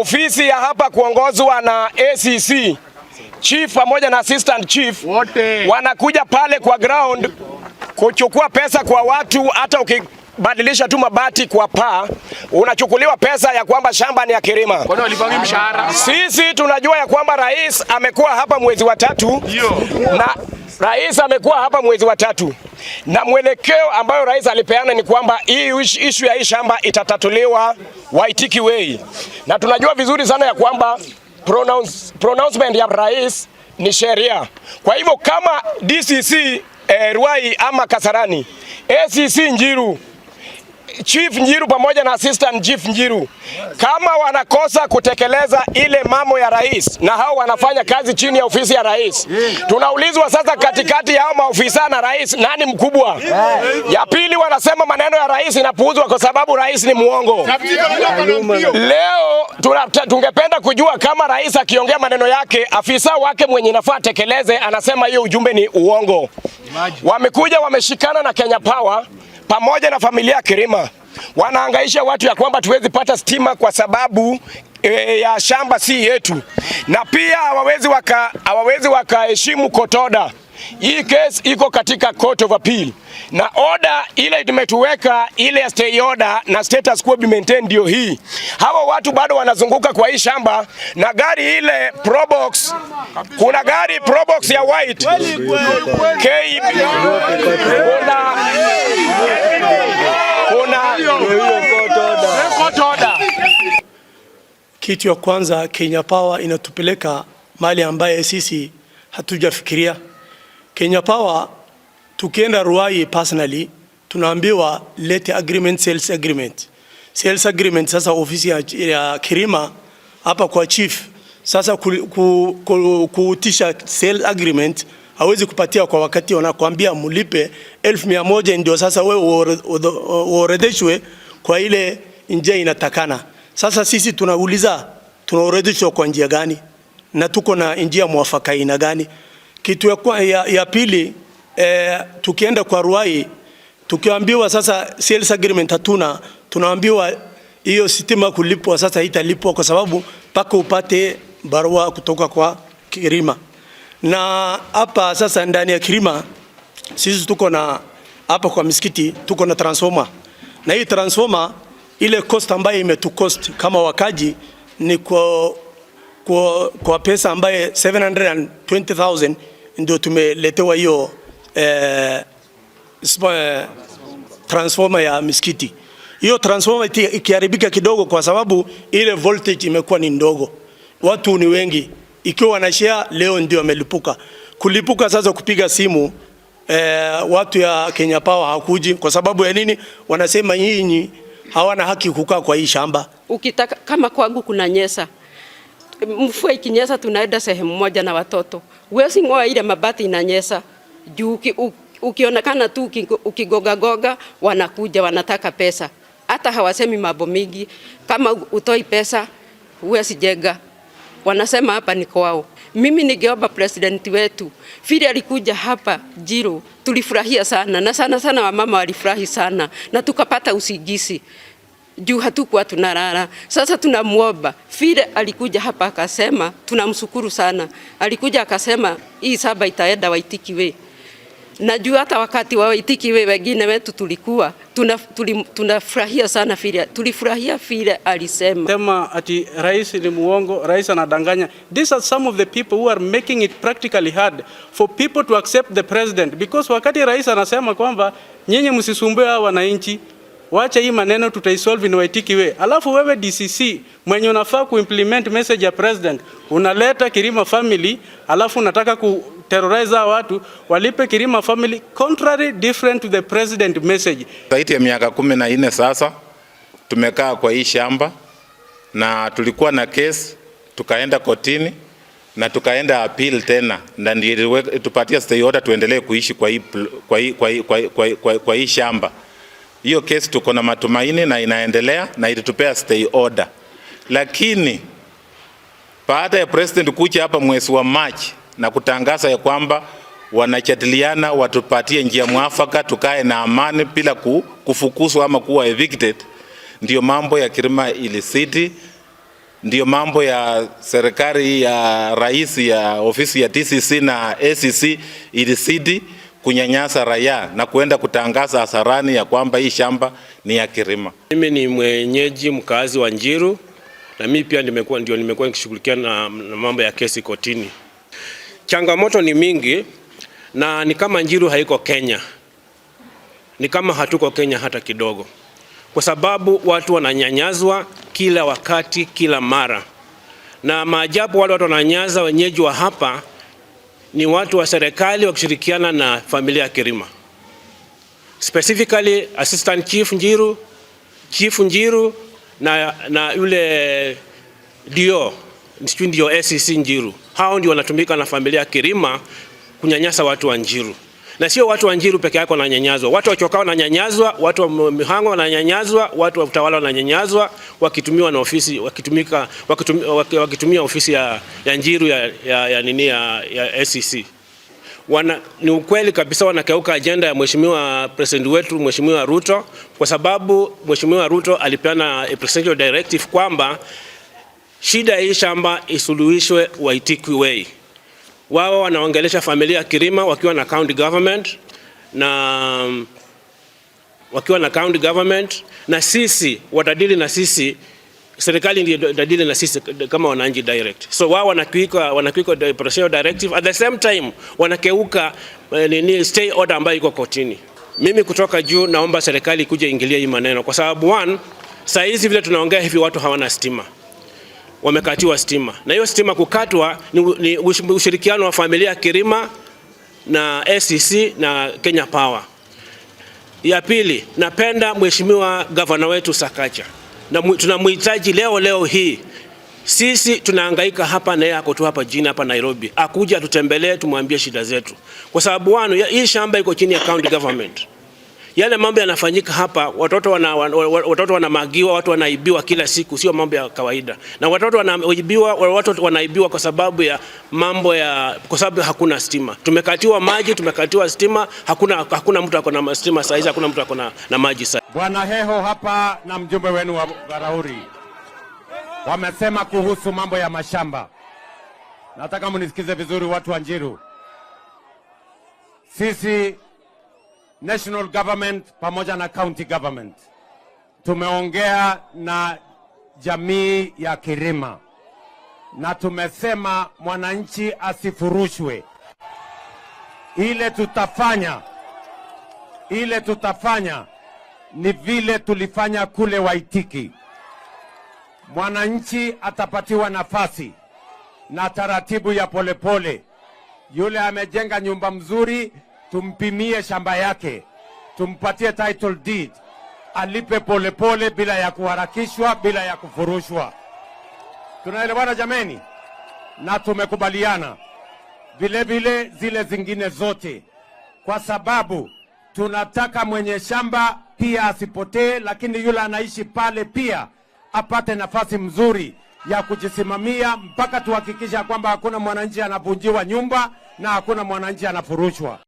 Ofisi ya hapa kuongozwa na ACC chief pamoja na assistant chief wote wanakuja pale kwa ground kuchukua pesa kwa watu. Hata ukibadilisha tu mabati kwa paa, unachukuliwa pesa ya kwamba shamba ni ya Kirima. Sisi tunajua ya kwamba rais amekuwa hapa mwezi wa tatu na rais amekuwa hapa mwezi wa tatu na mwelekeo ambayo rais alipeana ni kwamba hii ishu ya hii shamba itatatuliwa Waitiki Way na tunajua vizuri sana ya kwamba pronounce, pronouncement ya rais ni sheria. Kwa hivyo kama DCC eh, Ruai ama Kasarani, ACC Njiru Chief Njiru pamoja na Assistant Chief Njiru kama wanakosa kutekeleza ile mambo ya rais, na hao wanafanya kazi chini ya ofisi ya rais. Tunaulizwa sasa, katikati ya hao maofisa na rais, nani mkubwa? Ya pili, wanasema maneno ya rais inapuuzwa kwa sababu rais ni muongo. Leo tungependa kujua kama rais akiongea maneno yake, afisa wake mwenye nafaa atekeleze, anasema hiyo ujumbe ni uongo. Wamekuja wameshikana na Kenya Power pamoja na familia ya Kirima wanaangaisha watu ya kwamba tuwezi pata stima kwa sababu e, ya shamba si yetu, na pia hawawezi wakaheshimu kotoda hii kesi iko katika court of appeal na order ile imetuweka ile ya stay order na status quo be maintained ndio hii. Hawa watu bado wanazunguka kwa hii shamba na gari ile Probox, kuna gari Probox ya white K kuna kuna kitu ya kwanza Kenya Power inatupeleka mali ambaye sisi hatujafikiria. Kenya Power tukienda Ruai personally tunaambiwa lete agreement, sales agreement. Sales agreement sasa ofisi ya, ya Kirima hapa kwa chief sasa kuutisha ku, ku, ku, sales agreement hawezi kupatia kwa wakati, wanakuambia mulipe elfu mia moja ndio sasa wewe uorodheshwe kwa ile njia inatakana. Sasa sisi tunauliza tunaorodheshwa kwa njia gani na tuko na njia mwafaka ina gani? Kitu ya, kwa, ya, ya pili eh, tukienda kwa Ruai tukiambiwa sasa sales agreement hatuna, tunaambiwa hiyo sitima kulipwa sasa italipwa kwa sababu mpaka upate barua kutoka kwa Kirima. Na hapa sasa ndani ya Kirima sisi tuko na hapa kwa misikiti tuko na transformer. Na hii transformer ile cost ambayo imetukost kama wakaji ni kwa kwa, kwa pesa ambaye 720,000 ndio tumeletewa hiyo eh, eh, transformer ya misikiti. Hiyo transformer ikiharibika kidogo, kwa sababu ile voltage imekuwa ni ndogo, watu ni wengi, ikiwa wanashea leo ndio amelipuka kulipuka. Sasa kupiga simu eh, watu ya Kenya Power hakuji kwa sababu ya nini? Wanasema nyinyi hawana haki kukaa kwa hii shamba. Ukitaka kama kwangu kuna nyesa mvua ikinyesha tunaenda sehemu moja na watoto, wesi ngoa ile mabati inanyesha juu ukionekana tu ukigogagoga, wanakuja wanataka pesa, hata hawasemi mambo mingi. Kama utoi pesa huwezi jenga, wanasema hapa ni kwao. Mimi ningeomba president wetu vile alikuja hapa Jiro, tulifurahia sana na sana sana, wamama walifurahi sana na tukapata usingizi juu hatukuwa tunalala. Sasa tunamwomba vile alikuja hapa akasema, tunamshukuru sana. Alikuja akasema hii saba itaenda Waitiki we. Najua hata wakati wa Waitiki we wengine wetu tulikuwa tunafurahia tuna sana vile tulifurahia vile alisema sema ati rais ni muongo, rais anadanganya. These are some of the people who are making it practically hard for people to accept the president because wakati rais anasema kwamba nyinyi msisumbue hawa wananchi wacha hii maneno tutaisolve ni Waitiki we. Alafu wewe DCC mwenye unafaa kuimplement message ya president, unaleta Kirima family, alafu unataka ku terrorize watu walipe Kirima family contrary different to the president message. Zaidi ya miaka kumi na nne sasa tumekaa kwa hii shamba na tulikuwa na case tukaenda kotini na tukaenda appeal tena na ndio tupatia stay order tuendelee kuishi kwa hii kwa hii kwa hii shamba. Hiyo kesi tuko na matumaini na inaendelea na ilitupea stay order, lakini baada ya president kuja hapa mwezi wa Machi na kutangaza ya kwamba wanachatiliana watupatie njia mwafaka tukae na amani bila kufukuzwa ama kuwa evicted, ndio mambo ya Kirima Hills City, mambo ya serikali ya rais ya ofisi ya TCC na ACC Hills City kunyanyasa raia na kuenda kutangaza hasarani ya kwamba hii shamba ni ya Kirima. Mimi ni mwenyeji mkazi wa Njiru na mimi pia nimekuwa ndio nimekuwa nikishughulikia na, na mambo ya kesi kotini. Changamoto ni mingi na ni kama Njiru haiko Kenya, ni kama hatuko Kenya hata kidogo, kwa sababu watu wananyanyazwa kila wakati, kila mara, na maajabu wale watu wananyaza wenyeji wa hapa ni watu wa serikali wakishirikiana na familia ya Kirima, specifically Assistant Chief Njiru, Chief Njiru na, na yule dio ndio SCC Njiru. Hao ndio wanatumika na familia ya Kirima kunyanyasa watu wa Njiru na sio watu wa Njiru peke yake wananyanyazwa, watu wa Chokaa wananyanyazwa, watu wa Mihango wananyanyazwa, watu wa Utawala wananyanyazwa wakitumiwa na ofisi wakitumika, wakitumia, wakitumia ofisi ya, ya Njiru ya, ya, ya nini ya, ya SEC. Wana, ni ukweli kabisa wanakeuka ajenda ya mheshimiwa president wetu Mheshimiwa Ruto kwa sababu Mheshimiwa Ruto alipeana a presidential directive kwamba shida hii shamba isuluhishwe Waitiki Way wao wanaongelesha familia ya Kirima wakiwa na county government na mm, wakiwa na county government, na sisi watadili na sisi serikali ndio dadili na sisi kama wananchi direct. So wao wanakiuka wanakiuka presidential directive, at the same time wanakeuka eh, nini stay order ambayo iko kotini. Mimi kutoka juu naomba serikali kuja ingilia hii maneno, kwa sababu one, saa hizi vile tunaongea hivi watu hawana stima wamekatiwa stima, na hiyo stima kukatwa ni ushirikiano wa familia Kirima na SCC na Kenya Power. Ya pili, napenda mheshimiwa gavana wetu sakacha na tunamhitaji leo leo hii. Sisi tunahangaika hapa na yeye ako tu hapa jini hapa Nairobi, akuja atutembelee, tumwambie shida zetu, kwa sababu wanu hii shamba iko chini ya county government. Yale mambo yanafanyika hapa, watoto wana, watoto wanamagiwa, watu wanaibiwa kila siku, sio mambo ya kawaida. Na watoto wanaibiwa, watu wanaibiwa kwa sababu ya mambo ya, kwa sababu hakuna stima. Tumekatiwa maji, tumekatiwa stima, hakuna, hakuna mtu ako na stima saa hizi, hakuna mtu ako na, maji saa Bwana Heho hapa na mjumbe wenu wa Garauri wamesema kuhusu mambo ya mashamba. Nataka mnisikize vizuri, watu wa Njiru, sisi national government pamoja na county government. Tumeongea na jamii ya Kirima na tumesema mwananchi asifurushwe. Ile tutafanya ile tutafanya ni vile tulifanya kule Waitiki. Mwananchi atapatiwa nafasi na taratibu ya polepole pole. Yule amejenga nyumba mzuri tumpimie shamba yake, tumpatie title deed, alipe polepole pole, bila ya kuharakishwa, bila ya kufurushwa. Tunaelewana jameni? Na tumekubaliana vilevile zile zingine zote, kwa sababu tunataka mwenye shamba pia asipotee, lakini yule anaishi pale pia apate nafasi mzuri ya kujisimamia mpaka tuhakikisha kwamba hakuna mwananchi anavunjiwa nyumba na hakuna mwananchi anafurushwa.